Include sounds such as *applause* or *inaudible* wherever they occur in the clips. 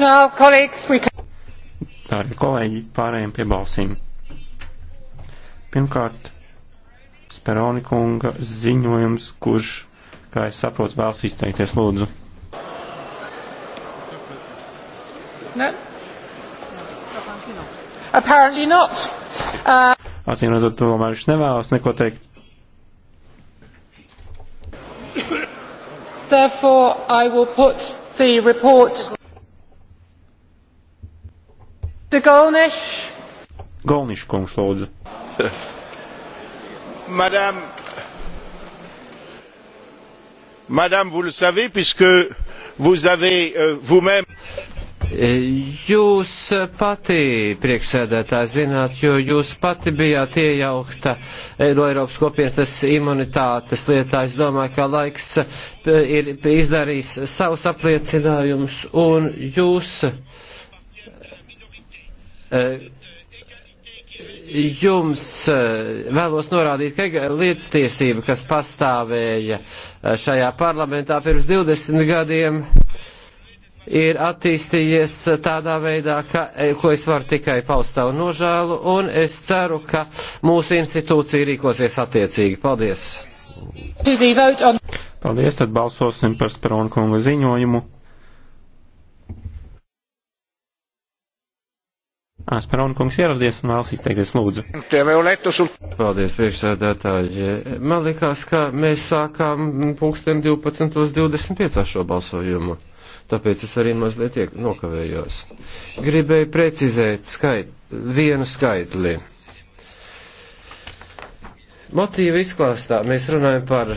Dārgie kolēģi, pārējiem pie balsīm. Pirmkārt, Speroni kunga ziņojums, kurš, kā es saprotu, vēlas izteikties lūdzu. Ne? Apparently not. Uh... Atcīm redzot, tomēr viņš nevēlas neko teikt. Therefore, I will put the report. Galnišs. Galnišs kungs lūdzu. *laughs* Madame, Madame, vous le savez, puisque vous avez euh, vous-même. Jūs pati, priekšsēdētāji, zināt, jo jūs pati bijāt iejaukta no Eiropas kopienas tas imunitātes lietā. Es domāju, ka laiks eh, ir izdarījis savus apliecinājumus un jūs. Uh, Eh, jums eh, vēlos norādīt, ka liectiesība, kas pastāvēja eh, šajā parlamentā pirms 20 gadiem, ir attīstījies tādā veidā, ka, ko es varu tikai paust savu nožēlu, un es ceru, ka mūsu institūcija rīkosies attiecīgi. Paldies! Paldies, tad balsosim par Speronu kungu ziņojumu. Asperona kungs ieradies un vēlas izteikties lūdzu. Paldies, priekšsēdētāji. Man likās, ka mēs sākām pulksten 12.25 šo balsojumu. Tāpēc es arī mazliet nokavējos. Gribēju precizēt skait, vienu skaitli. Motīva izklāstā mēs runājam par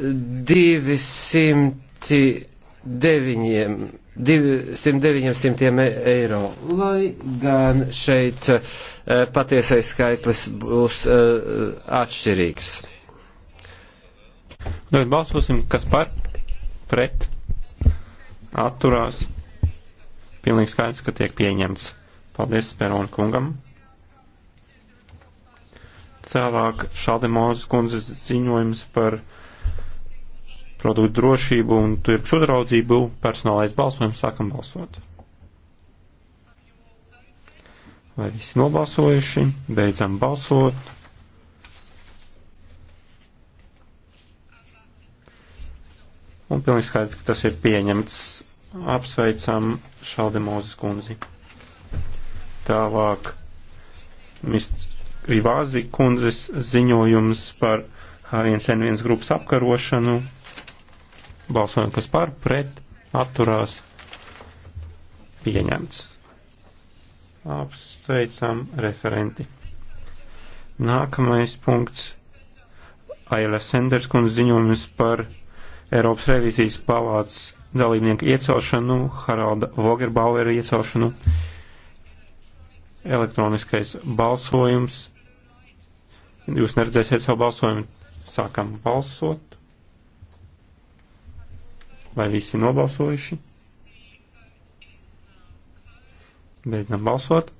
209 200-900 eiro. Lai gan šeit eh, patiesais skaitlis būs eh, atšķirīgs. Tad balsosim, kas par, pret, atturās. Pilnīgi skaidrs, ka tiek pieņemts. Paldies Sperona kungam. Tālāk Šaldemozes kundzes ziņojums par produktu drošību un tirgus uzraudzību, personālais balsojums, sākam balsot. Vai visi nobalsojuši? Beidzam balsot. Un pilnīgi skaidrs, ka tas ir pieņemts. Apsveicam Šaldemozes kundzi. Tālāk Mr. Rivāzi kundzes ziņojums par H1N1 grupas apkarošanu Balsojam, kas par, pret, atturās, pieņemts. Apsveicam referenti. Nākamais punkts - Aila Senders kundz ziņojums par Eiropas revīzijas palātas dalībnieku iecelšanu, Haralda Vogerbauera iecelšanu, elektroniskais balsojums. Jūs neredzēsiet savu balsojumu. Sākam balsot. Vai visi nobalsojuši? Beidzam balsot.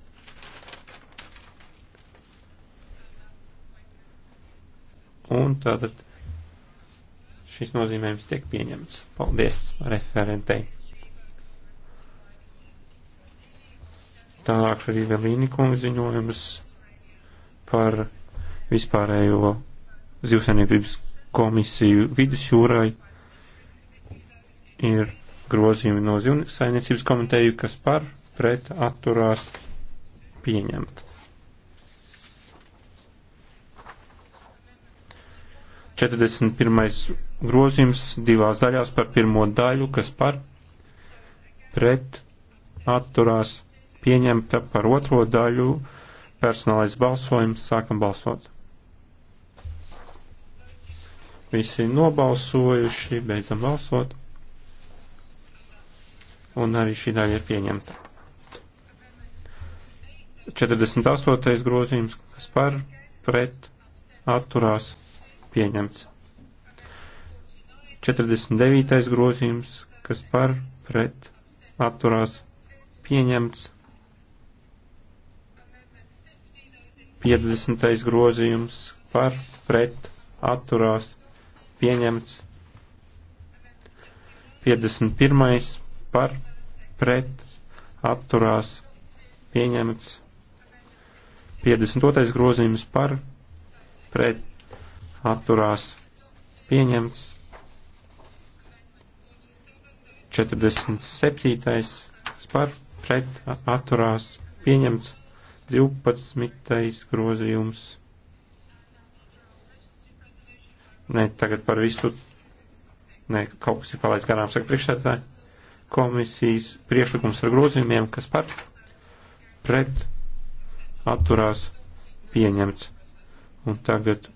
Un tātad šis nozīmējums tiek pieņemts. Paldies referentei. Tālāk arī vēl īnikums ziņojums par vispārējo zivsainības komisiju vidusjūrai ir grozījumi no zivsainiecības komiteju, kas par pret atturās pieņemt. 41. grozījums divās daļās par pirmo daļu, kas par pret atturās pieņemta par otro daļu personālais balsojums. Sākam balsot. Visi nobalsojuši, beidzam balsot un arī šī daļa ir pieņemta. 48. grozījums, kas par pret atturās pieņemts. 49. grozījums, kas par pret atturās pieņemts. 50. grozījums par pret atturās pieņemts. 51 par pret apturās pieņemts 52. grozījums par pret apturās pieņemts 47. par pret atturās pieņemts 12. grozījums. Nē, tagad par visu. Nē, kaut kas ir palaists garām, saka priekšsēdētāji komisijas priekšlikums ar grozījumiem, kas par pret atturās pieņemts. Un tagad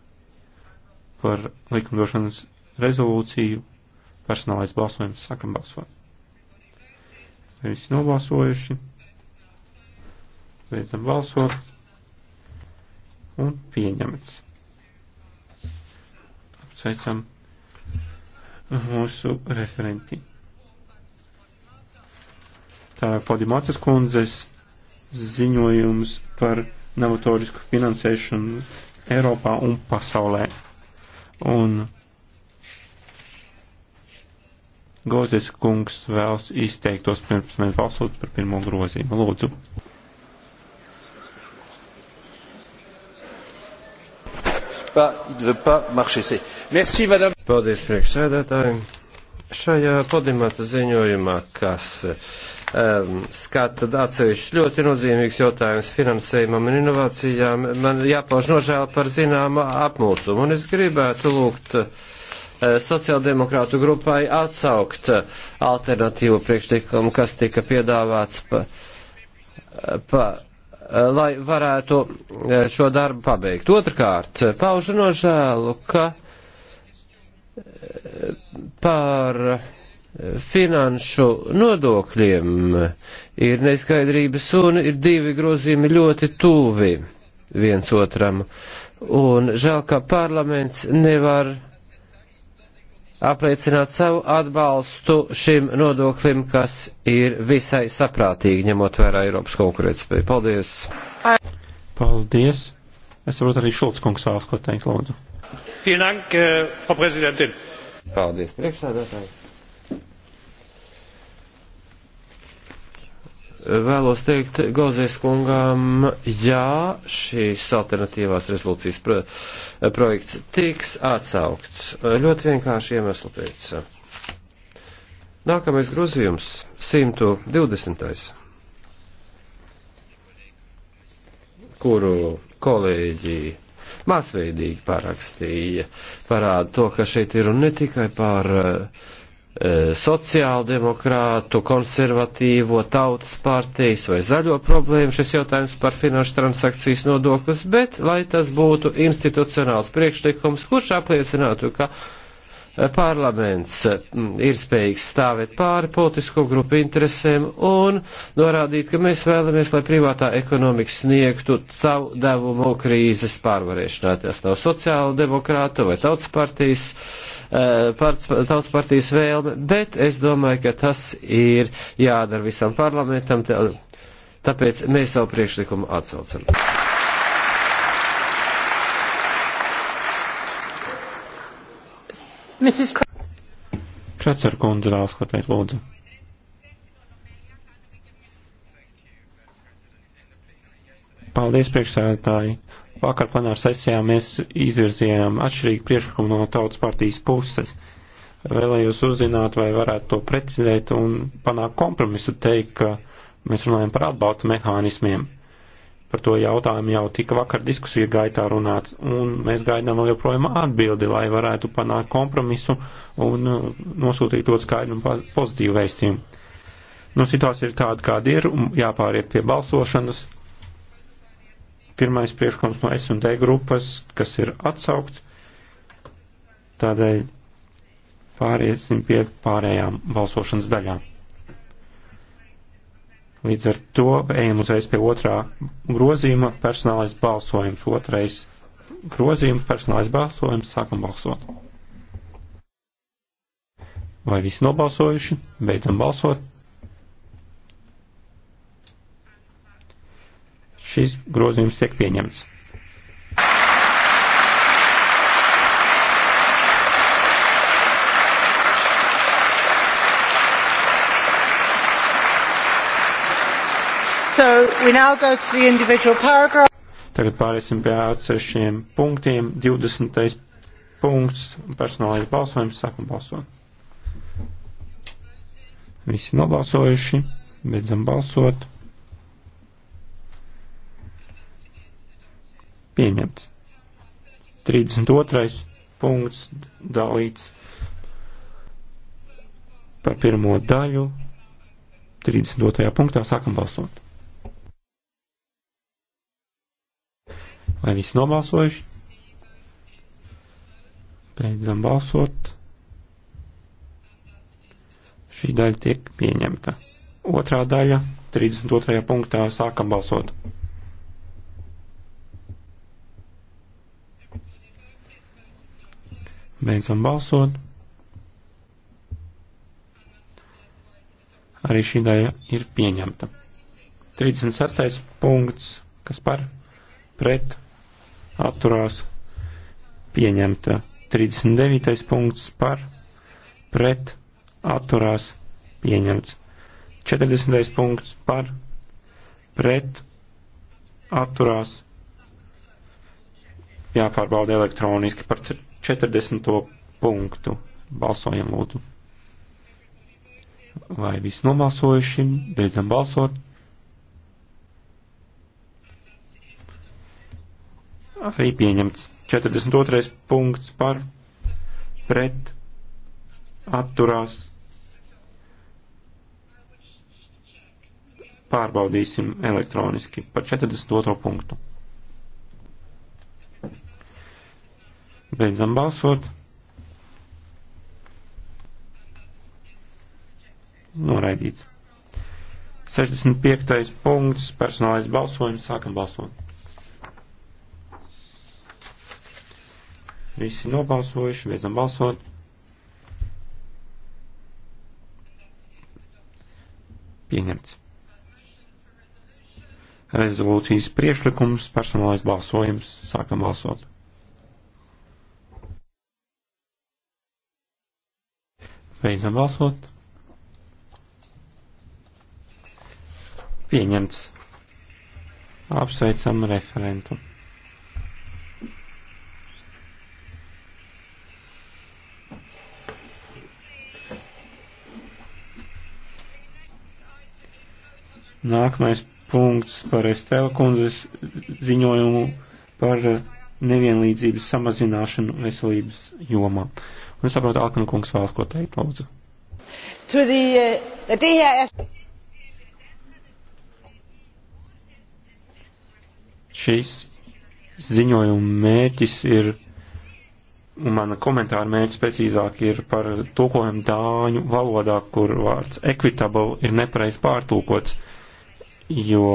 par likumdošanas rezolūciju personālais balsojums sākam balsot. Visi nobalsojuši. Beidzam balsot. Un pieņemts. Apsveicam mūsu referenti. Tālāk Podimācas kundzes ziņojums par novatorisku finansēšanu Eiropā un pasaulē. Un Gozes kungs vēlas izteiktos pirms mēs balsot par pirmo grozīmu. Lūdzu. Merci, Paldies, priekšsēdētāji. Šajā podimata ziņojumā, kas um, ehm, skata atsevišķus ļoti nozīmīgs jautājums finansējumam un inovācijām. Man jāpauž nožēla par zināmu apmūsumu, un es gribētu lūgt uh, sociāldemokrātu grupai atsaukt eh, alternatīvu priekšlikumu, kas tika piedāvāts pa, eh, pa, lai varētu šo darbu pabeigt. Otrkārt, paužu nožēlu, ka par finanšu nodokļiem ir neskaidrības un ir divi grozījumi ļoti tuvi viens otram. Un žēl, ka parlaments nevar apliecināt savu atbalstu šim nodoklim, kas ir visai saprātīgi, ņemot vērā Eiropas konkurētspēju. Paldies! Paldies! Es saprotu, arī Šulc kungs vēlas ko teikt, lūdzu. Dank, äh, Frau Paldies, priekšsādātāji! vēlos teikt Gozēs kungām, jā, šīs alternatīvās rezolūcijas pro, projekts tiks atsaukts. Ļoti vienkārši iemesli pēc. Nākamais grozījums - 120. kuru kolēģi masveidīgi parakstīja, parāda to, ka šeit ir un ne tikai par uh, E, sociāldemokrātu, konservatīvo tautas partijas vai zaļo problēmu šis jautājums par finanšu transakcijas nodoklis, bet lai tas būtu institucionāls priekšlikums, kurš apliecinātu, ka e, parlaments e, ir spējīgs stāvēt pāri politisko grupu interesēm un norādīt, ka mēs vēlamies, lai privātā ekonomika sniegtu savu devumu krīzes pārvarēšanā. Tas nav sociāla demokrāta vai tautas partijas uh, Eh, tautas partijas vēlme, bet es domāju, ka tas ir jādara visam parlamentam, tāpēc mēs savu priekšlikumu atsaucam. Mrs. Kracer kundze vēlas ko teikt, lūdzu. Paldies, priekšsēdētāji. Vakar plenāra sesijā mēs izvirzījām atšķirīgu priekšlikumu no tautas partijas puses. Vēlējos uzzināt, vai varētu to precizēt un panākt kompromisu, teikt, ka mēs runājam par atbalsta mehānismiem. Par to jautājumu jau tika vakar diskusija gaitā runāts, un mēs gaidām vēl joprojām atbildi, lai varētu panākt kompromisu un uh, nosūtīt to skaidru un pozitīvu vēstījumu. Nu, situācija ir tāda, kāda ir, un jāpāriet pie balsošanas, Pirmais priekšlikums no S&D grupas, kas ir atsaukt, tādēļ pāriesim pie pārējām balsošanas daļām. Līdz ar to ejam uzreiz pie otrā grozījuma, personālais balsojums, otrais grozījums, personālais balsojums, sākam balsot. Vai visi nobalsojuši? Beidzam balsot. šis grozījums tiek pieņemts. So Tagad pāriesim pie atsevišķiem punktiem. 20. punkts personālais balsojums. Sākam balsot. Visi nobalsojuši. Beidzam balsot. Pieņemts. 32. punkts dalīts par pirmo daļu. 32. punktā sākam balsot. Vai viss nobalsojuši? Beidzam balsot. Šī daļa tiek pieņemta. Otrā daļa, 32. punktā, sākam balsot. Beidzam balsot. Arī šī daļa ir pieņemta. 36. punkts, kas par pret atturās pieņemta. 39. punkts par pret atturās pieņemts. 40. punkts par pret atturās jāpārbauda elektroniski par 40. punktu. Balsojam lūdzu. Vai viss nobalsojuši? Beidzam balsot. Arī pieņemts 42. punkts par pret atturās. Pārbaudīsim elektroniski par 42. punktu. Beidzam balsot. Noraidīts. 65. punkts, personālais balsojums, sākam balsot. Visi nobalsojuši, beidzam balsot. Pieņemts. Rezolūcijas priešlikums, personālais balsojums, sākam balsot. Beidzam balsot. Pieņemts. Apsveicam referentu. Nākamais punkts par Estēla kundzes ziņojumu par nevienlīdzības samazināšanu veselības jomā. Un nu, es saprotu, Alkana kungs vēlas ko teikt, lūdzu. The, uh, det her er... Šīs ziņojuma mērķis ir, un mana komentāra mērķis precīzāk ir par tulkojumu dāņu valodā, kur vārds equitable ir nepareiz pārtulkots, jo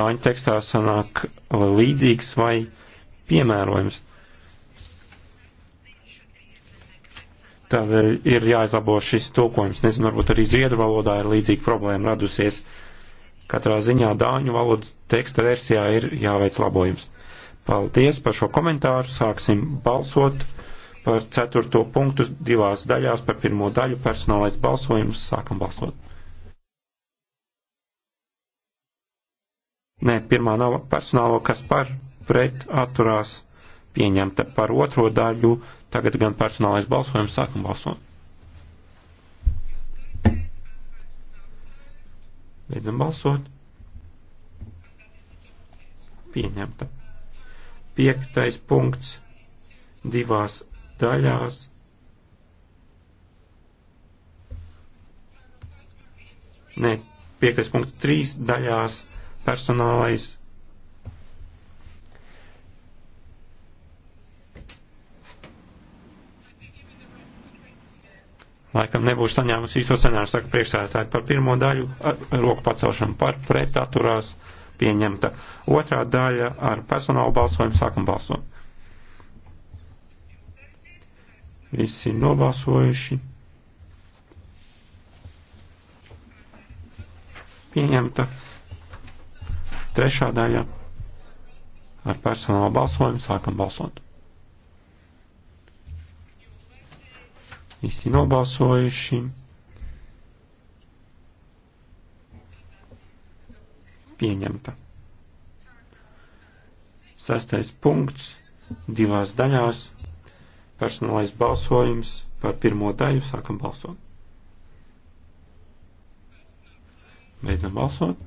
dāņu tekstā sanāk līdzīgs vai piemērojums. Tādēļ ir jāizlabo šis tulkojums. Nezinu, varbūt arī ziedu valodā ir līdzīga problēma radusies. Katrā ziņā dāņu valodas teksta versijā ir jāveic labojums. Paldies par šo komentāru. Sāksim balsot par ceturto punktu divās daļās. Par pirmo daļu personālais balsojums. Sākam balsot. Nē, pirmā nav personālo, kas par pret atturās pieņemta par otro daļu, tagad gan personālais balsojums sākam balsot. Beidzam balsot. Pieņemta. Piektais punkts divās daļās. Nē, piektais punkts trīs daļās personālais laikam nebūs saņēmusi īsto scenāriju, saka priekšsēdētāji, par pirmo daļu ar roku pacelšanu par pret atturās pieņemta. Otrā daļa ar personālu balsojumu sākam balsot. Visi nobalsojuši. Pieņemta. Trešā daļa ar personālu balsojumu sākam balsot. Visi nobalsojuši. Pieņemta. Sastais punkts divās daļās. Personālais balsojums par pirmo daļu. Sākam balsot. Beidzam balsot.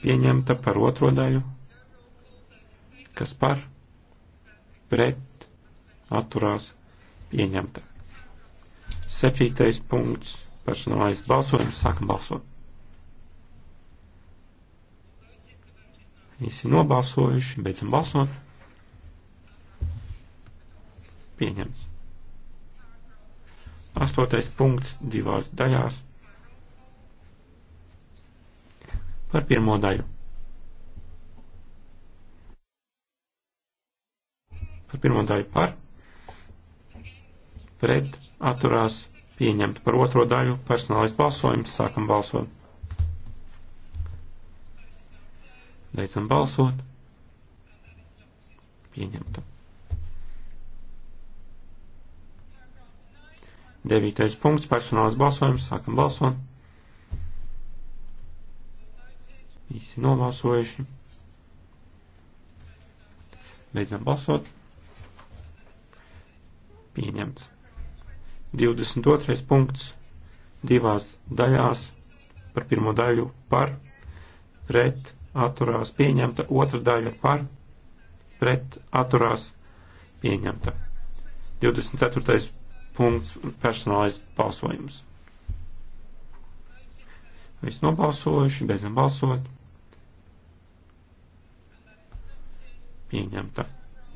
Pieņemta par otro daļu. Kas par? pret atturās pieņemta. Septītais punkts - personālais balsojums. Sākam balsot. Visi nobalsojuši, beidzam balsot. Pieņemts. Astotais punkts divās daļās par pirmo daļu. par pirmo daļu par, pret atturās pieņemt par otro daļu personālais balsojums, sākam balsot. Beidzam balsot. Pieņemta. Devītais punkts personālais balsojums, sākam balsot. Visi nobalsojuši. Beidzam balsot pieņemts. 22. punkts divās daļās par pirmo daļu par, pret, atturās pieņemta, otra daļa par, pret, atturās pieņemta. 24. punkts personālais balsojums. Viss nobalsojuši, beidzam balsot. Pieņemta.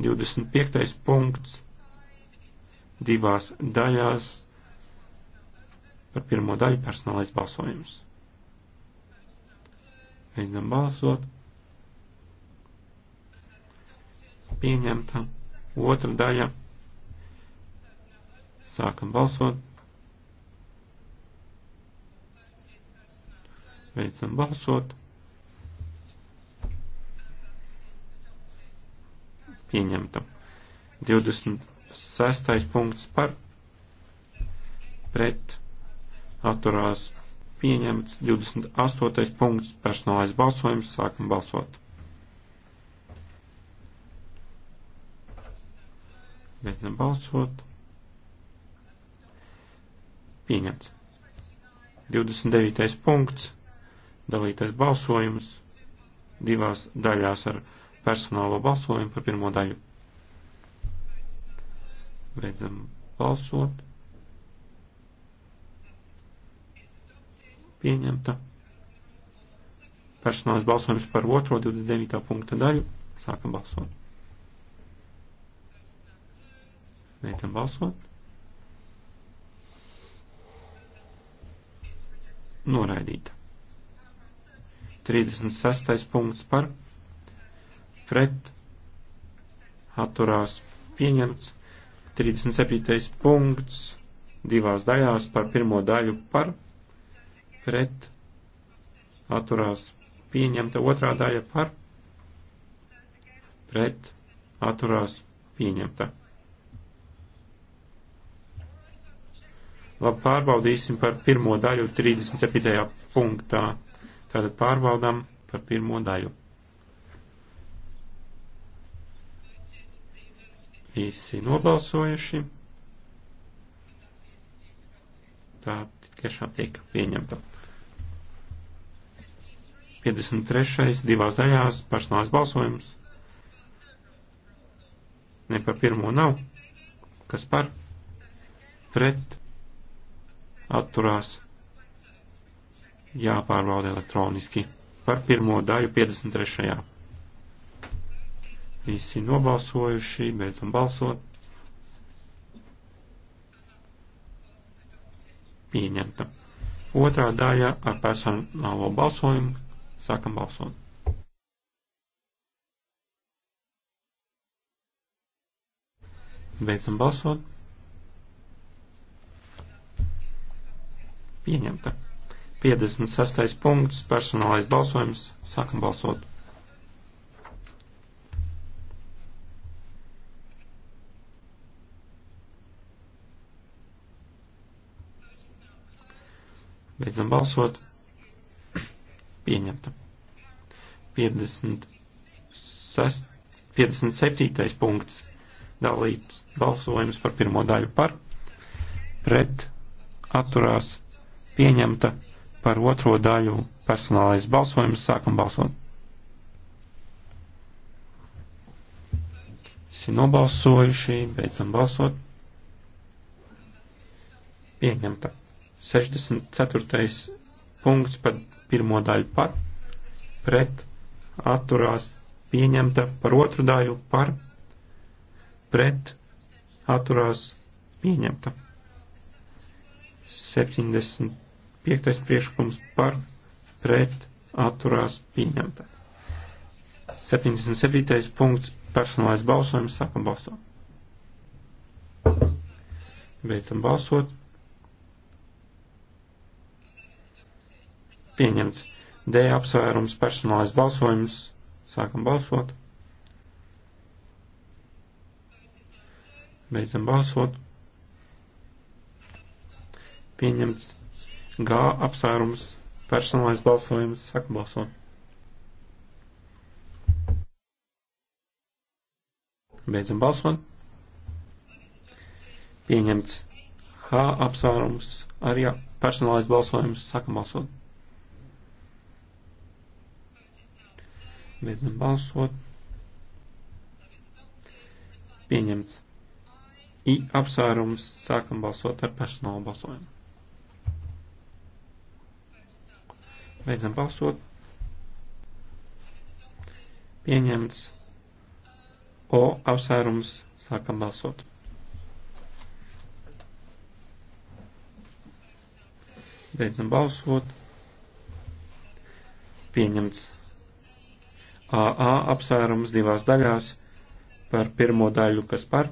25. punkts divās daļās. Par pirmo daļu personālais balsojums. Mēģinām balsot. Pieņemta. Otra daļa. Sākam balsot. Beidzam balsot. Pieņemta. 20 Sestais punkts par pret atturās pieņemts. 28. punkts personālais balsojums. Sākam balsot. Beidzam balsot. Pieņemts. 29. punkts. Dalītais balsojums divās daļās ar personālo balsojumu par pirmo daļu. Beidzam balsot. Pieņemta. Personālais balsojums par otro 29. punkta daļu. Sākam balsot. Beidzam balsot. Noraidīta. 36. punkts par pret atturās pieņemts 37. punkts divās daļās par pirmo daļu par pret atturās pieņemta otrā daļa par pret atturās pieņemta. Labi, pārbaudīsim par pirmo daļu 37. punktā. Tātad pārbaudām par pirmo daļu. visi nobalsojuši. Tā tiešām tiek pieņemta. 53. divās daļās personāls balsojums. Ne par pirmo nav. Kas par? Pret. Atturās. Jāpārbauda elektroniski. Par pirmo daļu 53. Visi nobalsojuši, beidzam balsot. Pieņemta. Otrā daļa ar personālo balsojumu. Sākam balsot. Beidzam balsot. Pieņemta. 56. punkts, personālais balsojums. Sākam balsot. Beidzam balsot. Pieņemta. 56, 57. punkts. Dalīts balsojums par pirmo daļu par. Pret atturās pieņemta par otro daļu personālais balsojums. Sākam balsot. Visi nobalsojuši, beidzam balsot. Pieņemta. 64. punkts par pirmo daļu par, pret, atturās pieņemta par otru daļu par, pret, atturās pieņemta. 75. priekšlikums par, pret, atturās pieņemta. 77. punkts personālais balsojums, sākam balsot. Beidzam balsot. pieņemts. D apsvērums personālais balsojums. Sākam balsot. Beidzam balsot. Pieņemts. G apsvērums personālais balsojums. Sākam balsot. Beidzam balsot. Pieņemts. H apsvērums arī personālais balsojums. Sākam balsot. Beidzam balsot. Pieņemts. I apsvērums sākam balsot ar personālu balsojumu. Beidzam balsot. Pieņemts. O apsvērums sākam balsot. Beidzam balsot. Pieņemts. AA apsvērums divās daļās par pirmo daļu, kas par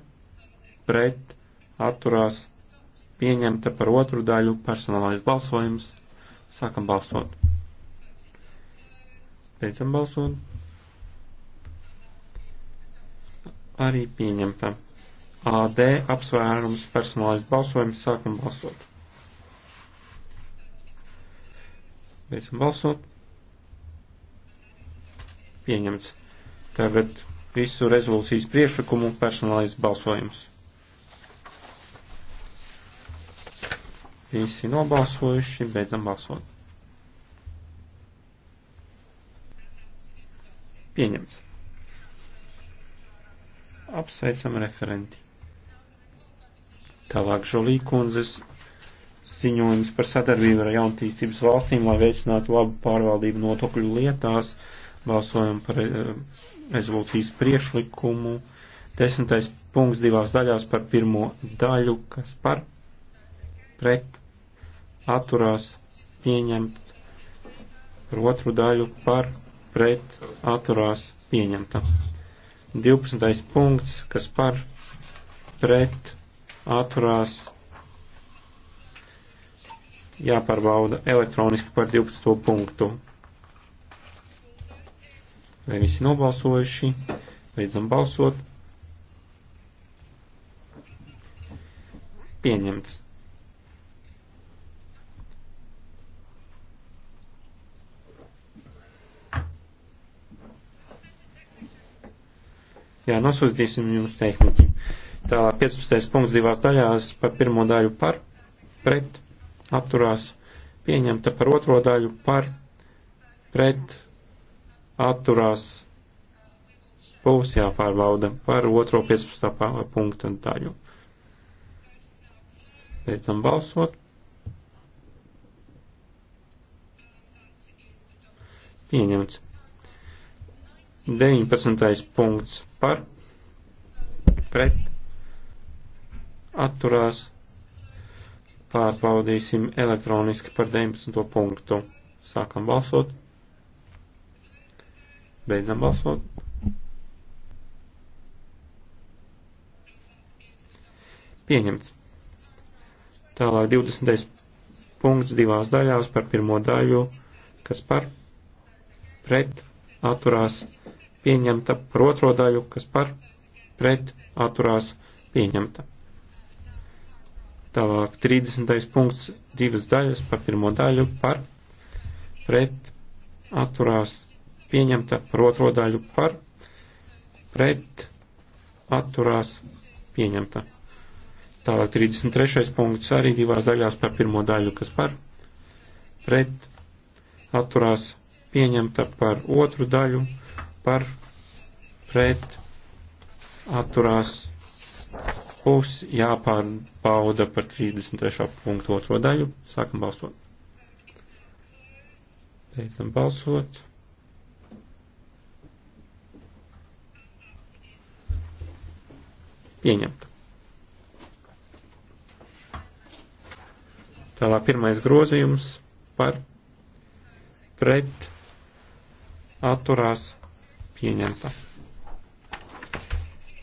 pret atturās pieņemta par otru daļu personālais balsojums. Sākam balsot. Beidzam balsot. Arī pieņemta. AD apsvērums personālais balsojums. Sākam balsot. Beidzam balsot pieņemts. Tagad visu rezolūcijas priešlikumu personālais balsojums. Visi nobalsojuši, beidzam balsot. Pieņemts. Apsveicam referenti. Tālāk Žolī kundzes ziņojums par sadarbību ar jauntīstības valstīm, lai veicinātu labu pārvaldību notokļu lietās. Balsojam par eh, rezolūcijas priešlikumu. Desmitais punkts divās daļās par pirmo daļu, kas par pret atturās pieņemt, par otru daļu par pret atturās pieņemta. 12. punkts, kas par pret atturās jāpārbauda elektroniski par 12. punktu. Vai visi nobalsojuši? Beidzam balsot. Pieņemts. Jā, nosūtīsim jums tehniķi. Tā 15. punkts divās daļās par pirmo daļu par, pret, atturās, pieņemta par otro daļu par, pret, atturās būs jāpārbauda par otro 15. punktu un daļu. Beidzam balsot. Pieņemts. 19. punkts par pret atturās. Pārbaudīsim elektroniski par 19. punktu. Sākam balsot. Beidzam balsot. Pieņemts. Tālāk 20. punkts divās daļās par pirmo daļu, kas par pret atturās pieņemta, par otro daļu, kas par pret atturās pieņemta. Tālāk 30. punkts divas daļas par pirmo daļu par pret atturās pieņemta pieņemta par otro daļu par pret atturās pieņemta. Tālāk 33. punkts arī divās daļās par pirmo daļu, kas par pret atturās pieņemta par otru daļu, par pret atturās būs jāpārbauda par 33. punktu otro daļu. Sākam balsot. Beidzam balsot. pieņemta. Tālāk pirmais grozījums par pret atturās pieņemta.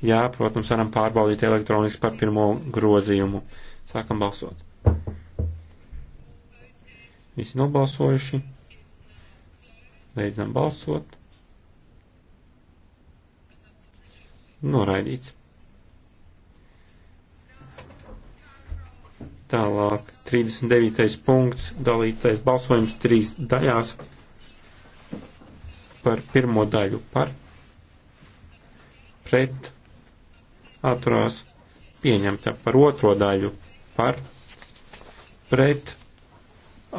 Jā, protams, varam pārbaudīt elektroniski par pirmo grozījumu. Sākam balsot. Visi nobalsojuši. Beidzam balsot. Noraidīts. Tālāk, 39. punkts, dalītais balsojums trīs daļās par pirmo daļu par, pret, atturās, pieņemta par otro daļu par, pret,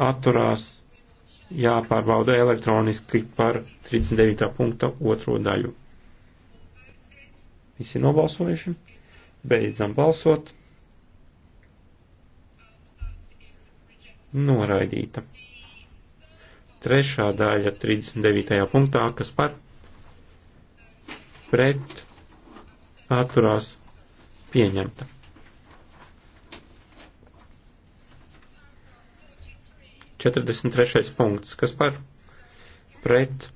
atturās, jāpārbauda elektroniski par 39. punkta otro daļu. Visi nobalsojuši, beidzam balsot. Noraidīta. Trešā daļa 39. punktā, kas par pret atturās pieņemta. Četrdesmit trešais punkts, kas par pret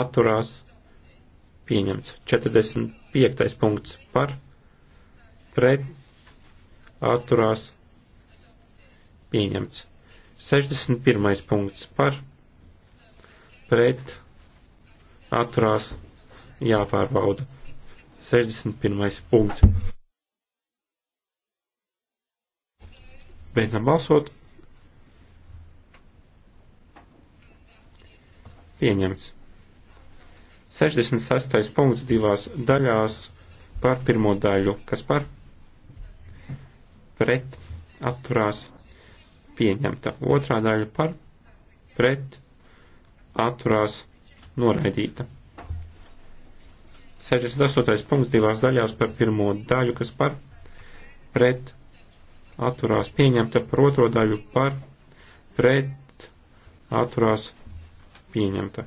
atturās pieņemts. Četrdesmit piektais punkts par pret atturās pieņemts. 61. punkts par pret atturās jāpārbauda. 61. punkts. Beidzam balsot. Pieņemts. 66. punkts divās daļās par pirmo daļu, kas par pret atturās pieņemta. Otrā daļa par pret atturās noraidīta. 68. punkts divās daļās par pirmo daļu, kas par pret atturās pieņemta, par otro daļu par pret atturās pieņemta.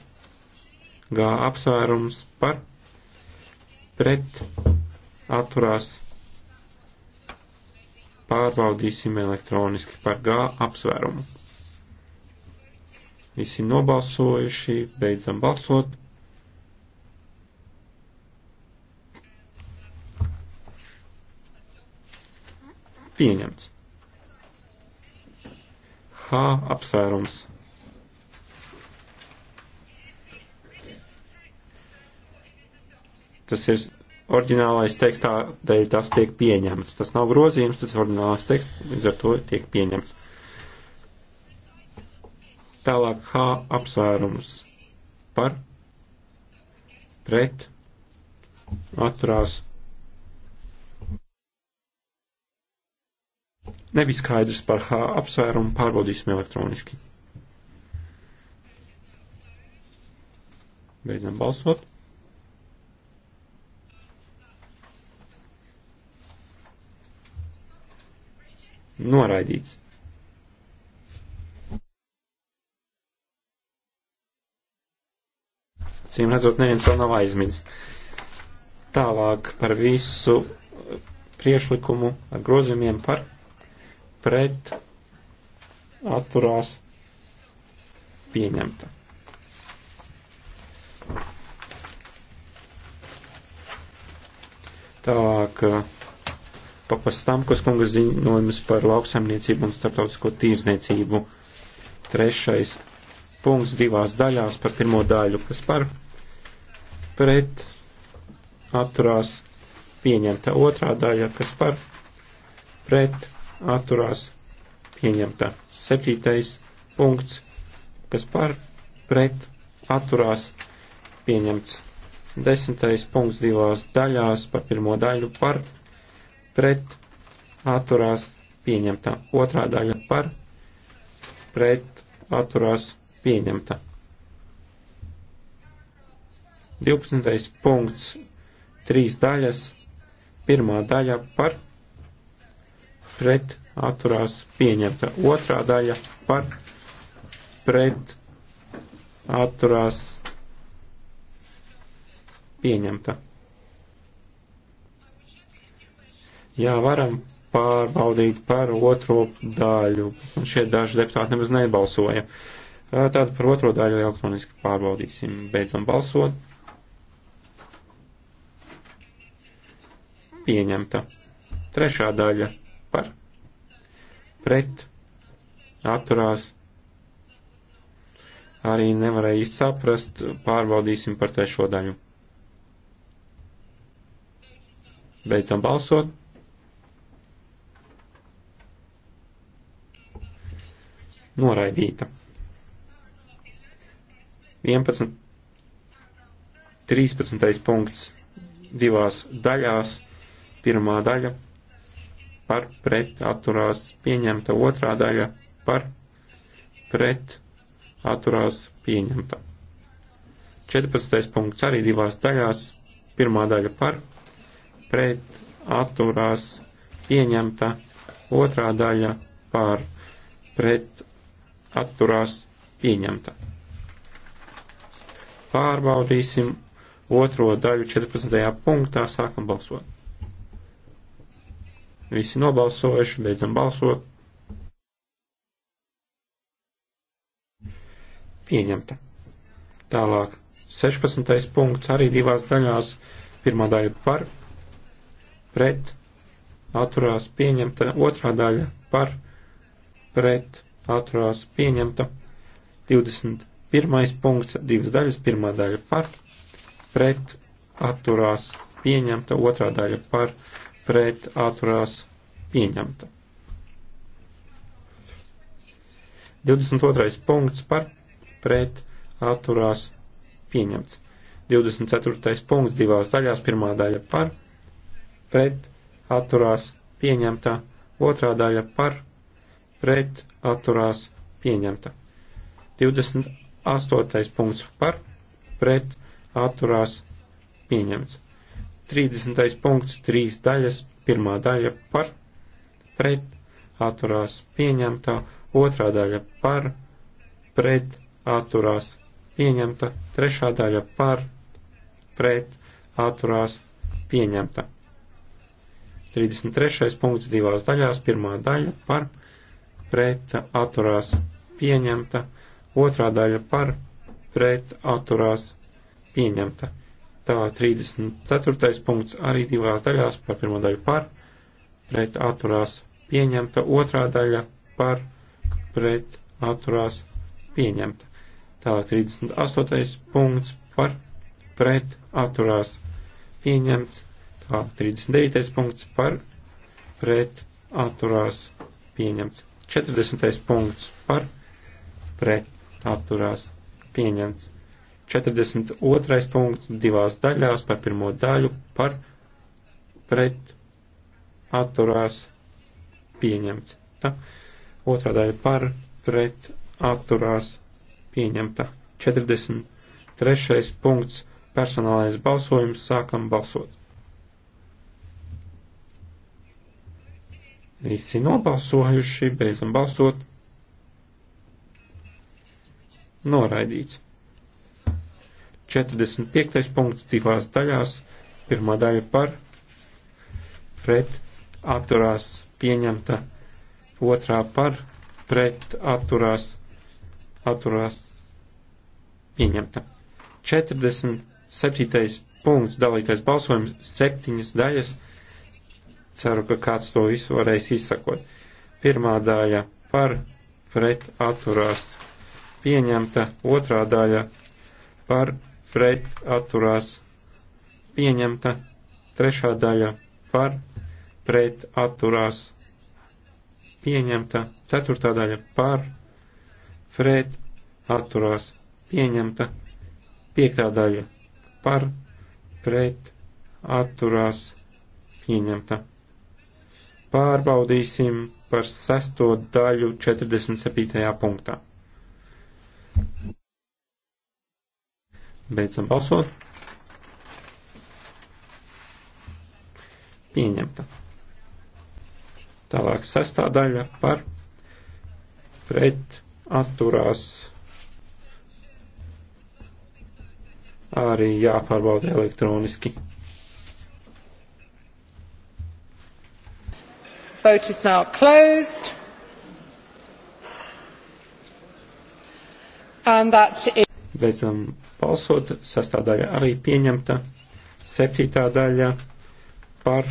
G apsvērums par pret atturās pieņemta pārbaudīsim elektroniski par G apsvērumu. Visi nobalsojuši, beidzam balsot. Pieņemts. H apsvērums. Tas ir Orģinālais tekstā dēļ tas tiek pieņemts. Tas nav grozījums, tas ir orģinālais teksts, līdz ar to tiek pieņemts. Tālāk H apsvērums par, pret, atturās. Nebija skaidrs par H apsvērumu, pārbaudīsim elektroniski. Beidzam balsot. Noraidīts. Cīm redzot, neviens vēl nav aizmirsis. Tālāk par visu priešlikumu ar grozījumiem par pret atturās pieņemta. Tālāk papastamkos kungas ziņojums par lauksaimniecību un starptautisko tīrzniecību. Trešais punkts divās daļās par pirmo daļu, kas par pret atturās pieņemta. Otrā daļa, kas par pret atturās pieņemta. Septītais punkts, kas par pret atturās pieņemts. Desmitais punkts divās daļās par pirmo daļu par pret pret atturās pieņemta. Otrā daļa par pret atturās pieņemta. 12. punkts, trīs daļas, pirmā daļa par pret atturās pieņemta, otrā daļa par pret atturās pieņemta. Jā, varam pārbaudīt par otro daļu. Šie daži deputāti nemaz nebalsoja. Tātad par otro daļu elektroniski pārbaudīsim. Beidzam balsot. Pieņemta. Trešā daļa par pret atturās. Arī nevarēja izsaprast. Pārbaudīsim par trešo daļu. Beidzam balsot. noraidīta. 11. 13. punkts divās daļās. Pirmā daļa par pret atturās pieņemta, otrā daļa par pret atturās pieņemta. 14. punkts arī divās daļās. Pirmā daļa par pret atturās pieņemta, otrā daļa par pret atturās pieņemta. Pārbaudīsim otro daļu 14. punktā, sākam balsot. Visi nobalsojuši, beidzam balsot. Pieņemta. Tālāk 16. punkts arī divās daļās. Pirmā daļa par, pret, atturās pieņemta, otrā daļa par, pret, atturās pieņemta. 21. punkts, divas daļas, pirmā daļa par, pret, atturās pieņemta, otrā daļa par, pret, atturās pieņemta. 22. punkts par, pret, atturās pieņemts. 24. punkts divās daļās, pirmā daļa par, pret, atturās pieņemta, otrā daļa par, pret atturās pieņemta. 28. punkts par pret atturās pieņemts. 30. punkts, 3 daļas, pirmā daļa par, pret, atturās pieņemtā, otrā daļa par, pret, atturās pieņemta, trešā daļa par, pret, atturās pieņemta. 33. punkts divās daļās, pirmā daļa par, pret atturās pieņemta, otrā daļa par pret atturās pieņemta. Tā 34. punkts arī divās daļās par pirmo daļu par pret atturās pieņemta, otrā daļa par pret atturās pieņemta. Tā 38. punkts par pret atturās pieņemts, tā 39. punkts par pret atturās pieņemts. 40. punkts par pret atturās pieņemts. 42. punkts divās daļās par pirmo daļu par pret atturās pieņemts. Ta. Otrā daļa par pret atturās pieņemta. 43. punkts personālais balsojums sākam balsot. Visi nobalsojuši, beidzam balsot. Noraidīts. 45. punkts divās daļās. Pirmā daļa par pret atturās pieņemta, otrā par pret atturās, atturās pieņemta. 47. punkts dalītais balsojums septiņas daļas Ceru, ka kāds to visu varēs izsakot. Pirmā daļa par pret atturās pieņemta, otrā daļa par pret atturās pieņemta, trešā daļa par pret atturās pieņemta, ceturtā daļa par pret atturās pieņemta, piektā daļa par pret atturās pieņemta pārbaudīsim par sesto daļu 47. punktā. Beidzam balsot. Pieņemta. Tālāk sestā daļa par pret atturās arī jāpārbauda elektroniski. Vote is now closed. And that's it. Beidzam balsot. Sastādaļa arī pieņemta. Septītā daļa par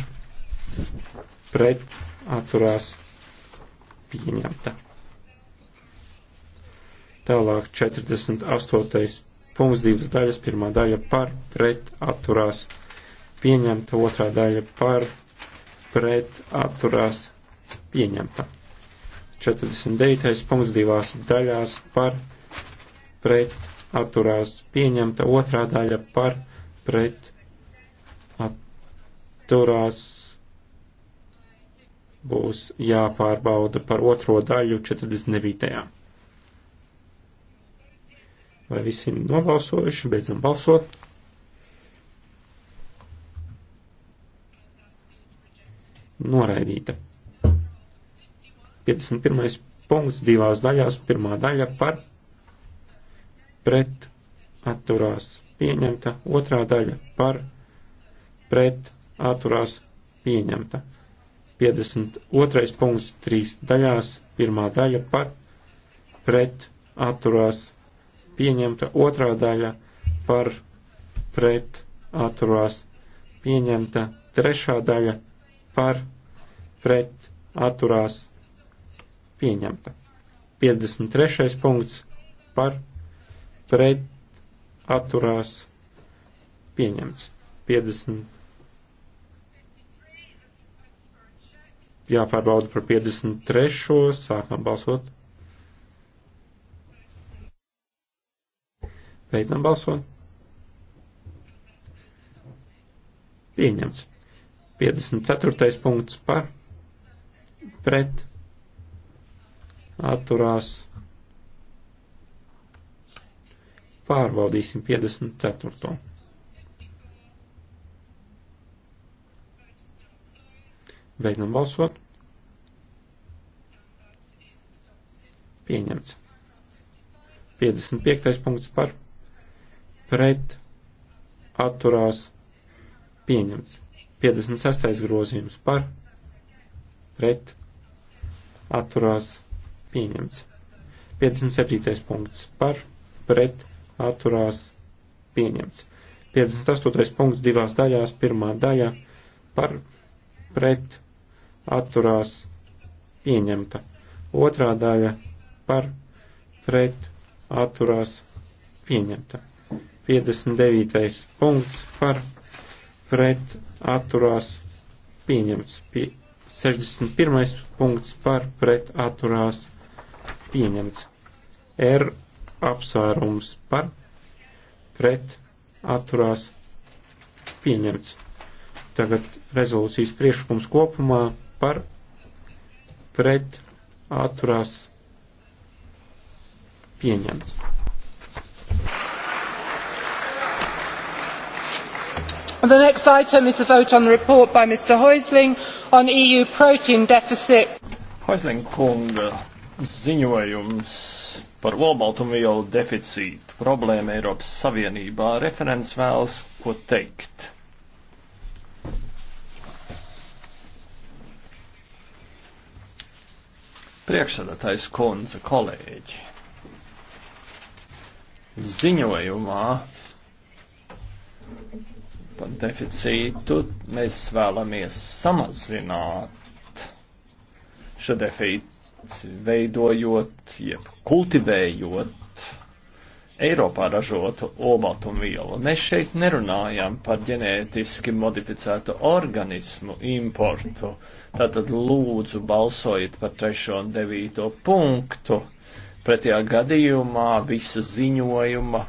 pret atturās pieņemta. Tālāk 48. punkts divas daļas, pirmā daļa par pret atturās pieņemta, otrā daļa par pret pret atturās pieņemta. 49. punkts divās daļās par pret atturās pieņemta, otrā daļa par pret atturās būs jāpārbauda par otro daļu 49. Vai visi nobalsojuši, beidzam balsot? noraidīta. 51. punkts divās daļās, pirmā daļa par pret atturās pieņemta, otrā daļa par pret atturās pieņemta. 52. punkts trīs daļās, pirmā daļa par pret atturās pieņemta, otrā daļa par pret atturās pieņemta, trešā daļa par pret atturās pieņemta. 53. punkts par pret atturās pieņemts. 50. Jāpārbauda par 53. sākam balsot. Beidzam balsot. Pieņemts. 54. punkts par pret atturās. Pārbaudīsim 54. Beidzam balsot. Pieņemts. 55. punkts par pret atturās. Pieņemts. 56. grozījums par pret atturās pieņemts. 57. punkts par pret atturās pieņemts. 58. punkts divās daļās, pirmā daļa par pret atturās pieņemta. Otrā daļa par pret atturās pieņemta. 59. punkts par pret pret atturās pieņemts. Pie 61. punkts par pret atturās pieņemts. R apsvērums par pret atturās pieņemts. Tagad rezolūcijas priekšlikums kopumā par pret atturās pieņemts. The next item is a vote on the report by Mr. Heusling on EU protein deficit. Heusling kunga ziņojums par olbaltumvielu deficītu problēmu Eiropas Savienībā. Referents vēlas ko teikt. Priekšsēdētājs kundze, kolēģi. Ziņojumā deficītu mēs vēlamies samazināt šo deficītu, veidojot, jeb kultivējot Eiropā ražotu olbaltumvielu. Mēs šeit nerunājam par ģenētiski modificētu organismu importu. Tātad lūdzu balsojiet par trešo un devīto punktu. Pretējā gadījumā visa ziņojuma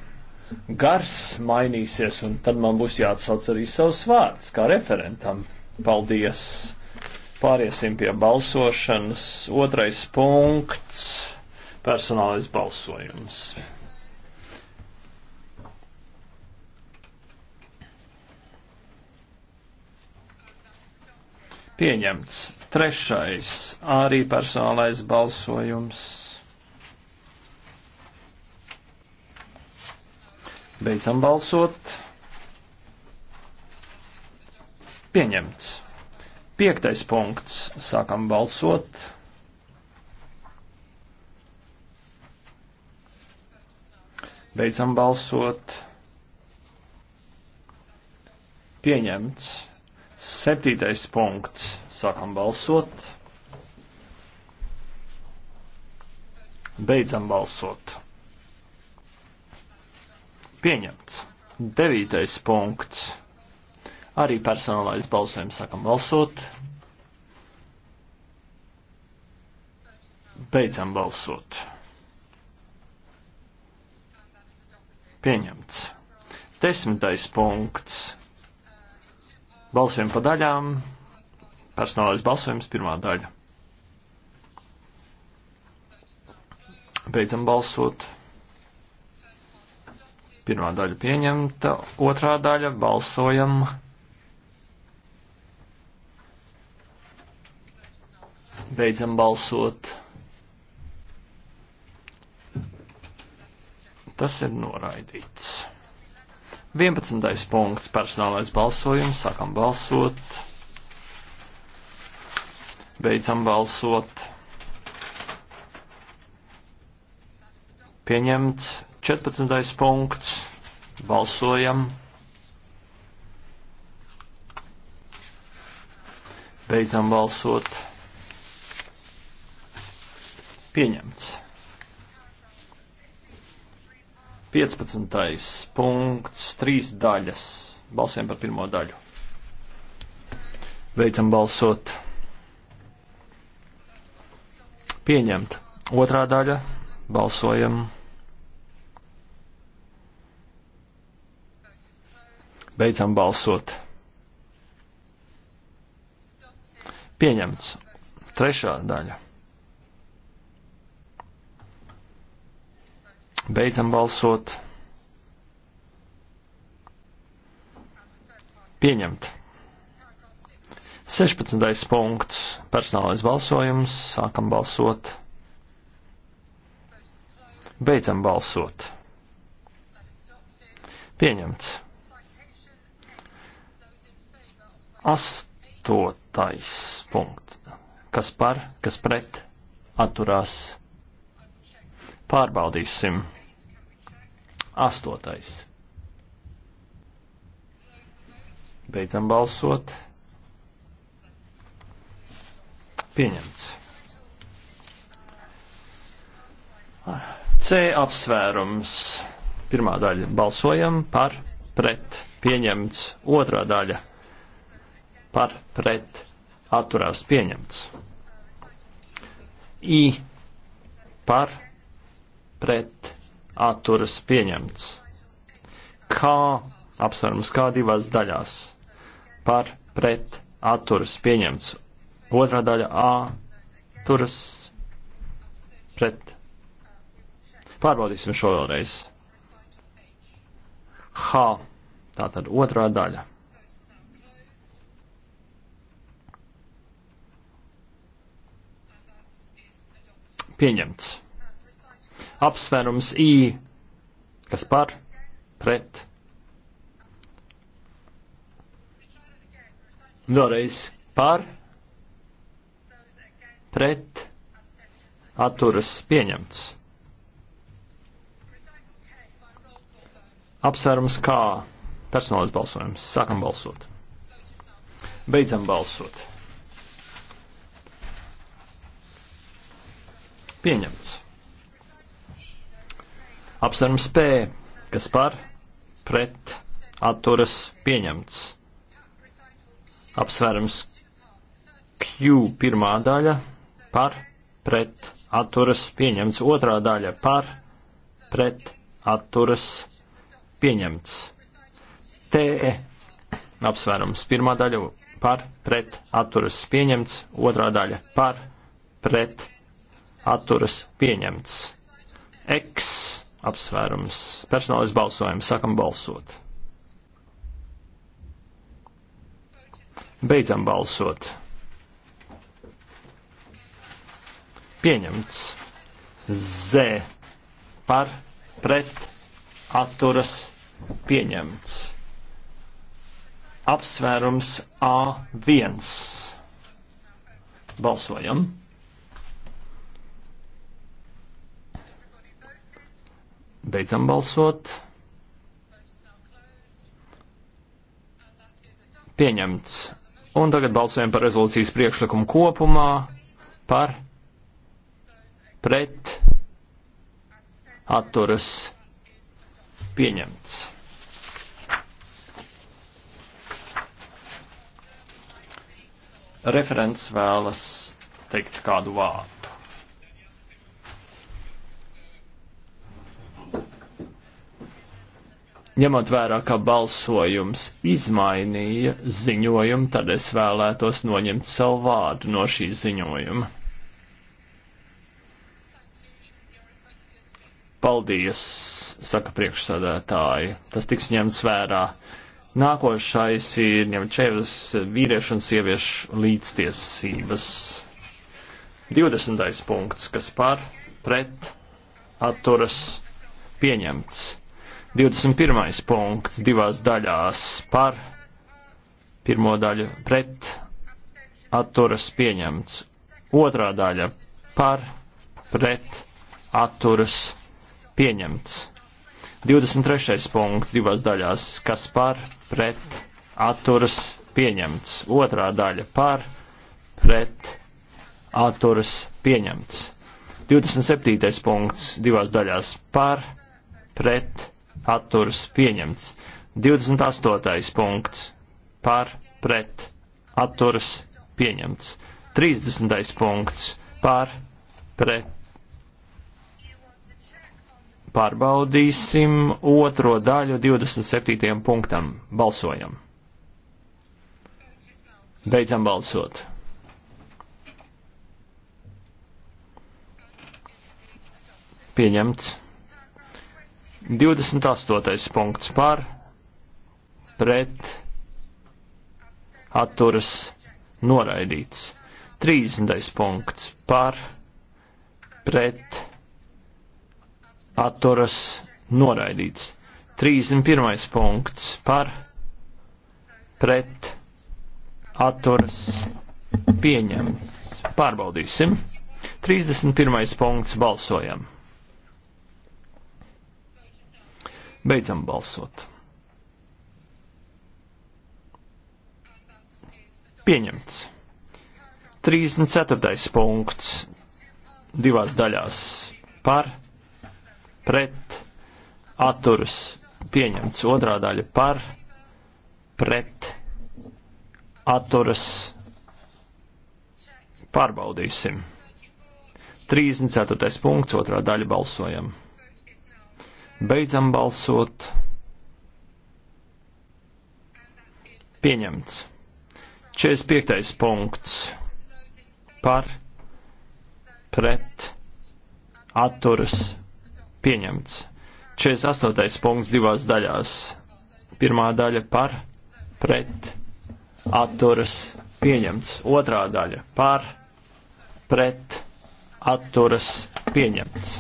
gars mainīsies, un tad man būs jāatsauc arī savs vārds kā referentam. Paldies! Pāriesim pie balsošanas. Otrais punkts - personālais balsojums. Pieņemts. Trešais - arī personālais balsojums. Beidzam balsot. Pieņemts. Piektais punkts. Sākam balsot. Beidzam balsot. Pieņemts. Septītais punkts. Sākam balsot. Beidzam balsot. Pieņemts. Devītais punkts. Arī personālais balsojums sākam balsot. Beidzam balsot. Pieņemts. Desmitais punkts. Balsojam pa daļām. Personālais balsojums pirmā daļa. Beidzam balsot. Pirmā daļa pieņemta, otrā daļa balsojam. Beidzam balsot. Tas ir noraidīts. 11. punkts - personālais balsojums. Sākam balsot. Beidzam balsot. Pieņemts 14. punkts. Balsojam. Beidzam balsot. Pieņemts. 15. punkts, 3 daļas. Balsojam par pirmo daļu. Beidzam balsot. Pieņemt. Otrā daļa. Balsojam. Beidzam balsot. Pieņemts. Trešā daļa. Beidzam balsot. Pieņemt. 16. punkts. Personālais balsojums. Sākam balsot. Beidzam balsot. Pieņemts. Astotais punkts. Kas par, kas pret, atturās. Pārbaudīsim. Astotais. Beidzam balsot. Pieņemts. C apsvērums. Pirmā daļa balsojam par pret pieņemts. Otrā daļa par pret atturās pieņemts. I par pret atturas pieņemts. Kā apsvērums kā divās daļās par pret atturas pieņemts. Otrā daļa A turas pret. Pārbaudīsim šo vēlreiz. H. Tātad otrā daļa. Pieņemts. Apsvērums I. Kas par? Pret. Vēlreiz par. Pret. Atturas pieņemts. Apsvērums kā personālais balsojums. Sākam balsot. Beidzam balsot. Pieņemts. Apsvērums P, kas par pret atturas pieņemts. Apsvērums Q pirmā daļa par pret atturas pieņemts. Otrā daļa par pret atturas pieņemts. T apsvērums pirmā daļa par pret atturas pieņemts. Otrā daļa par pret atturas pieņemts atturas pieņemts. X apsvērums. Personālais balsojums. Sākam balsot. Beidzam balsot. Pieņemts. Z par pret atturas pieņemts. Apsvērums A1. Balsojam. Beidzam balsot. Pieņemts. Un tagad balsojam par rezolūcijas priekšlikumu kopumā, par, pret, atturas, pieņemts. Referents vēlas teikt kādu vārdu. ņemot vērā, ka balsojums izmainīja ziņojumu, tad es vēlētos noņemt savu vārdu no šī ziņojuma. Paldies, saka priekšsādātāji. Tas tiks ņemts vērā. Nākošais ir ņemčevas vīriešu un sieviešu līdztiesības. 20. punkts, kas par pret atturas pieņemts. 21. punkts divās daļās par pirmo daļu pret atturas pieņemts. Otrā daļa par pret atturas pieņemts. 23. punkts divās daļās, kas par pret atturas pieņemts. Otrā daļa par pret atturas pieņemts. 27. punkts divās daļās par pret atturas pieņemts atturas pieņemts. 28. punkts par pret atturas pieņemts. 30. punkts par pret. Pārbaudīsim otro daļu 27. punktam. Balsojam. Beidzam balsot. Pieņemts. 28. punkts par, pret, atturas, noraidīts. 30. punkts par, pret, atturas, noraidīts. 31. punkts par, pret, atturas, pieņemts. Pārbaudīsim. 31. punkts balsojam. Beidzam balsot. Pieņemts. 34. punkts divās daļās par, pret, atturas, pieņemts. Otrā daļa par, pret, atturas, pārbaudīsim. 34. punkts, otrā daļa balsojam. Beidzam balsot. Pieņemts. 45. punkts par pret atturas pieņemts. 48. punkts divās daļās. Pirmā daļa par pret atturas pieņemts. Otrā daļa par pret atturas pieņemts.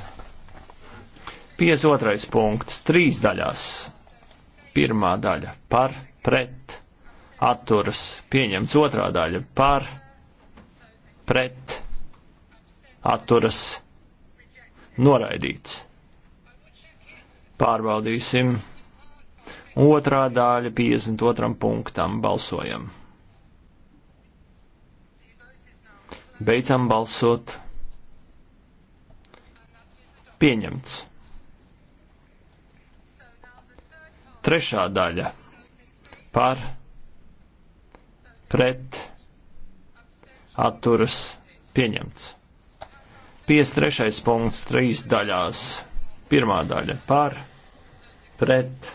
52. punkts, trīs daļās. Pirmā daļa par, pret, atturas, pieņemts otrā daļa par, pret, atturas, noraidīts. Pārbaudīsim. Otrā daļa 52. punktam balsojam. Beidzam balsot. Pieņemts. Trešā daļa par pret atturas pieņemts. 53. punkts trīs daļās. Pirmā daļa par pret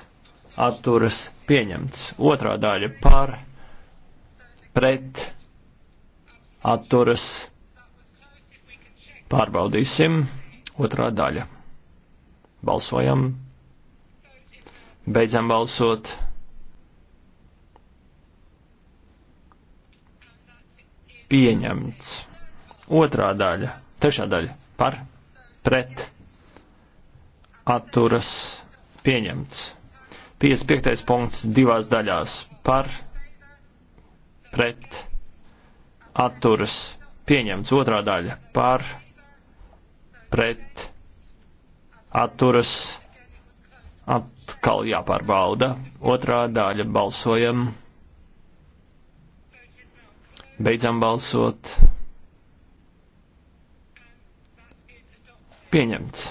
atturas pieņemts. Otrā daļa par pret atturas pārbaudīsim. Otrā daļa. Balsojam Beidzam balsot. Pieņemts. Otrā daļa, trešā daļa par, pret, atturas, pieņemts. 55. punkts divās daļās par, pret, atturas, pieņemts. Otrā daļa par, pret, atturas, pieņemts atkal jāpārbauda. Otrā daļa balsojam. Beidzam balsot. Pieņemts.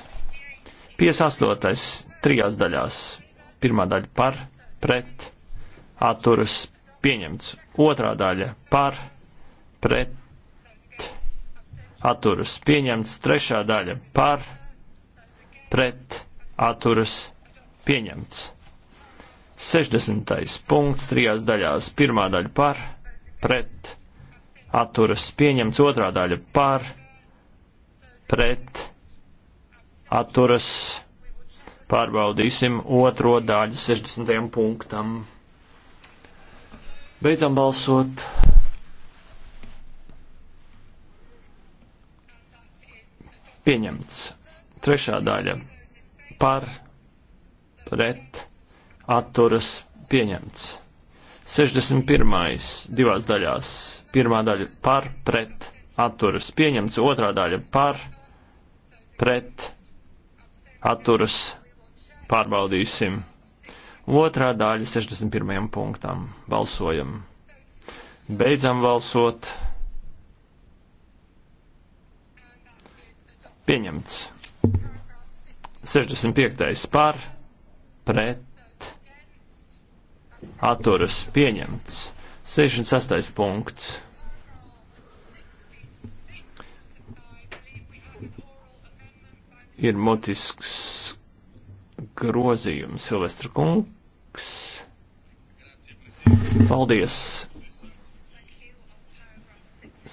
58. trijās daļās. Pirmā daļa par, pret, atturas, pieņemts. Otrā daļa par, pret, atturas, pieņemts. Trešā daļa par, pret, atturas, pieņemts pieņemts. 60. punkts trijās daļās. Pirmā daļa par, pret, atturas pieņemts. Otrā daļa par, pret, atturas. Pārbaudīsim otro daļu 60. punktam. Beidzam balsot. Pieņemts. Trešā daļa par, pret pret atturas pieņemts. 61. divās daļās. Pirmā daļa par pret atturas pieņemts, otrā daļa par pret atturas pārbaudīsim. Otrā daļa 61. punktam. Balsojam. Beidzam balsot. Pieņemts. 65. par pret atturas pieņemts. 66. punkts. Ir mutisks grozījums Silvestra kungs. Paldies.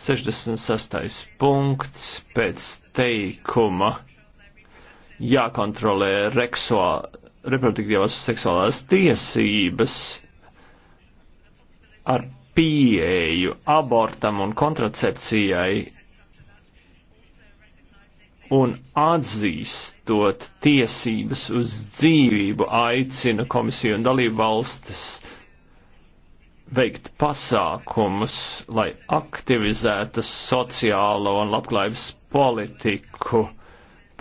66. punkts pēc teikuma jākontrolē reksuāli reproduktīvās seksuālās tiesības ar pieeju abortam un kontracepcijai un atzīstot tiesības uz dzīvību aicina komisiju un dalību valstis veikt pasākumus, lai aktivizētu sociālo un labklājības politiku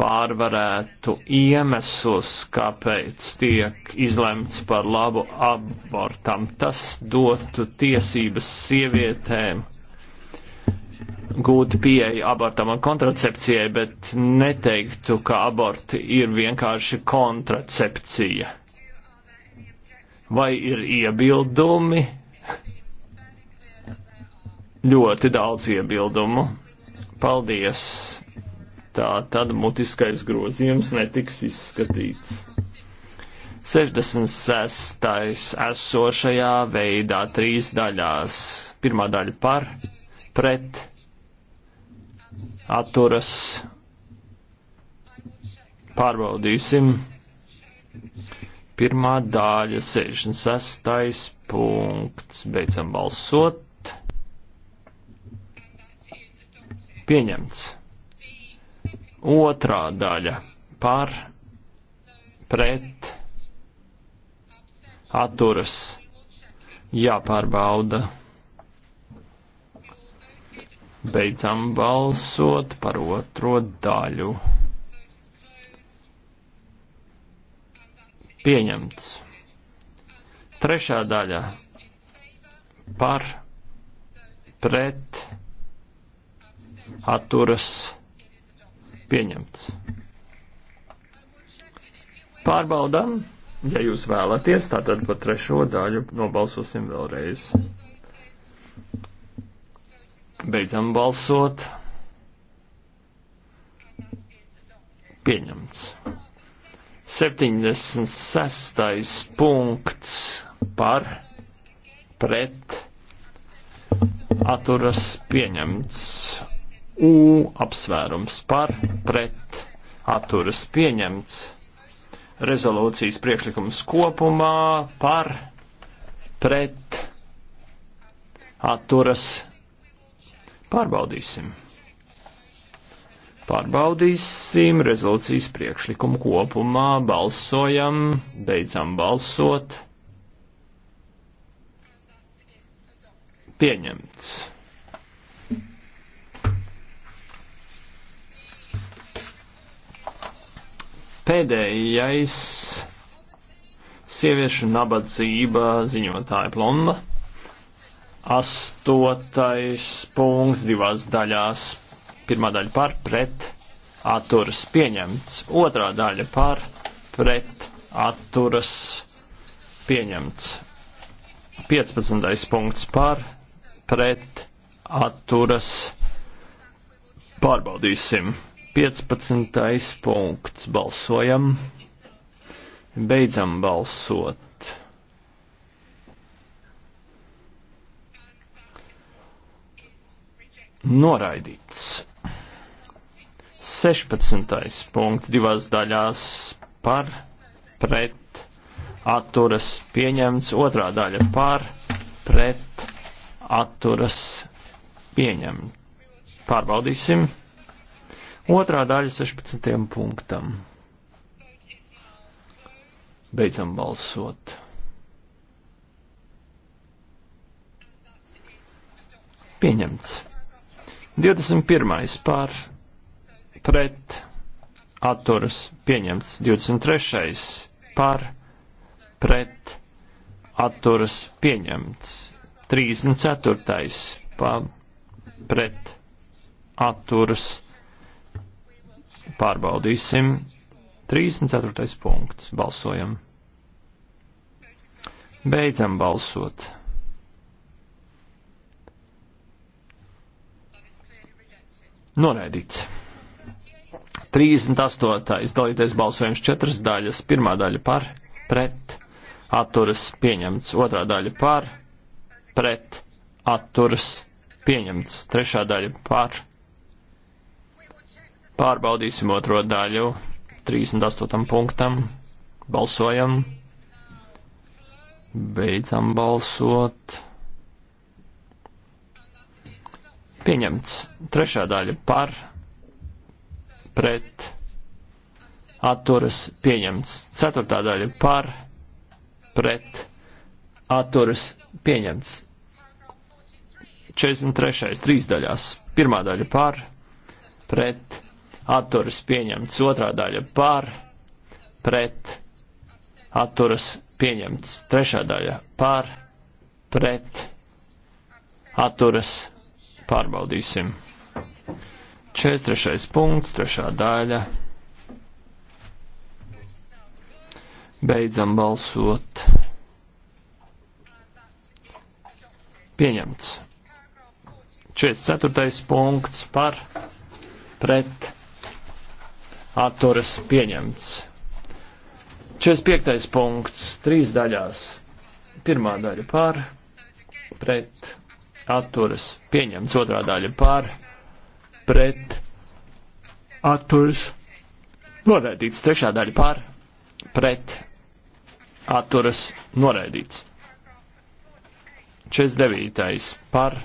pārvarētu iemeslus, kāpēc tiek izlemts par labu abortam. Tas dotu tiesības sievietēm gūt pieeju abortam un kontracepcijai, bet neteiktu, ka aborti ir vienkārši kontracepcija. Vai ir iebildumi? Ļoti daudz iebildumu. Paldies! Tā tad mutiskais grozījums netiks izskatīts. 66. esošajā veidā trīs daļās. Pirmā daļa par, pret, atturas, pārbaudīsim. Pirmā daļa 66. punkts. Beidzam balsot. Pieņemts. Otrā daļa par pret atturas jāpārbauda. Beidzam balsot par otro daļu. Pieņemts. Trešā daļa par pret atturas jāpārbauda Pieņemts. Pārbaudām, ja jūs vēlaties, tātad par trešo daļu nobalsosim vēlreiz. Beidzam balsot. Pieņemts. 76. punkts par pret atturas pieņemts. U apsvērums par pret atturas pieņemts. Rezolūcijas priekšlikums kopumā par pret atturas pārbaudīsim. Pārbaudīsim rezolūcijas priekšlikumu kopumā, balsojam, beidzam balsot. Pieņemts. Pēdējais sieviešu nabadzība ziņotāja plomba. Astotais punkts divās daļās. Pirmā daļa par pret atturas pieņemts. Otrā daļa par pret atturas pieņemts. 15. punkts par pret atturas pārbaudīsim. 15. punkts. Balsojam. Beidzam balsot. Noraidīts. 16. punkts divās daļās par, pret, atturas pieņemts, otrā daļa par, pret, atturas pieņemts. Pārbaudīsim. Otrā daļa 16. punktam. Beidzam balsot. Pieņemts. 21. pār pret atturas pieņemts. 23. pār pret atturas pieņemts. 34. pār pret atturas pieņemts Pārbaudīsim. 34. punkts. Balsojam. Beidzam balsot. Noraidīts. 38. dalīties balsojums četras daļas. Pirmā daļa par, pret, atturas pieņemts. Otrā daļa par, pret, atturas pieņemts. Trešā daļa par, Pārbaudīsim otro daļu 38. punktam. Balsojam. Beidzam balsot. Pieņemts. Trešā daļa par, pret, atturas. Pieņemts. Ceturtā daļa par, pret, atturas. Pieņemts. 43. trīs daļās. Pirmā daļa par, pret, atturas pieņemts. Otrā daļa par, pret, atturas pieņemts. Trešā daļa par, pret, atturas pārbaudīsim. 43. punkts, trešā daļa. Beidzam balsot. Pieņemts. 44. punkts par pret atturas pieņemts. 45. punkts, trīs daļās. Pirmā daļa pār, pret, atturas pieņemts. Otrā daļa pār, pret, atturas noraidīts. Trešā daļa pār, pret, atturas noraidīts. 49. par,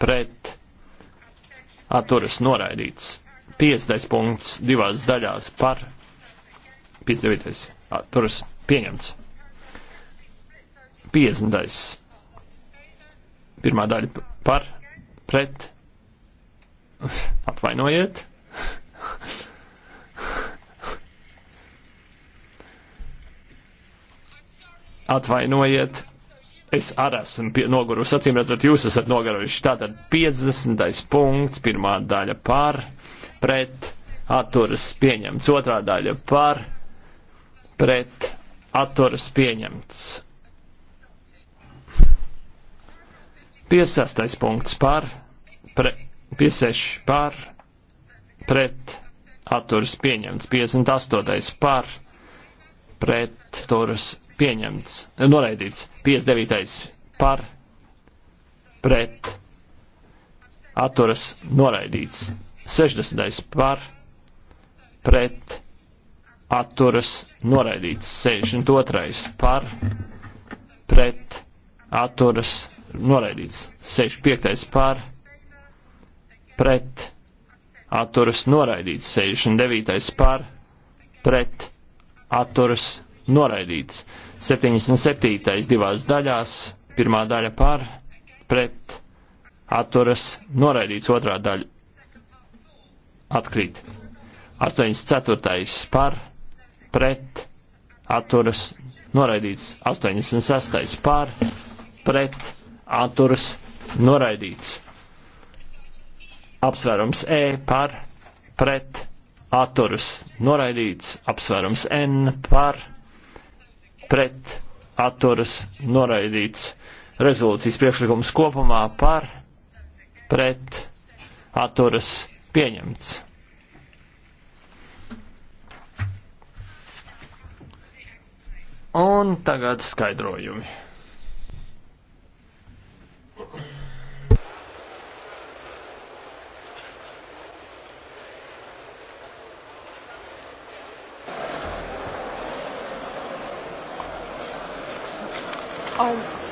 pret, atturas noraidīts. 50. punkts divās daļās par 59. Turas pieņemts. 50. Pirmā daļa par pret. Atvainojiet. Atvainojiet. Es arī esmu nogurusi, acīm redzot, jūs esat noguruši. Tātad 50. punkts, pirmā daļa par pret atturas pieņemts. Otrā daļa par pret atturas pieņemts. Piesastais punkts par pre, pieseši par pret atturas pieņemts. 58. par pret atturas pieņemts. Noraidīts. 59. par pret atturas noraidīts. 60. par pret atturas noraidīts. 62. par pret atturas noraidīts. 65. par pret atturas noraidīts. 69. par pret atturas noraidīts. 77. divās daļās. Pirmā daļa par pret atturas noraidīts. Otrā daļa atkrīt. 84. par, pret, atturas, noraidīts. 86. par, pret, atturas, noraidīts. Apsvērums E par, pret, atturas, noraidīts. Apsvērums N par, pret, atturas, noraidīts. Rezolūcijas priekšlikums kopumā par, pret, atturas, noraidīts Pieņemts. Un tagad skaidrojumi. Oh.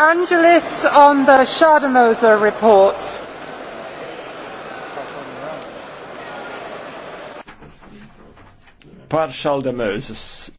Angelis on the Schademoser report. Par Schaldemoses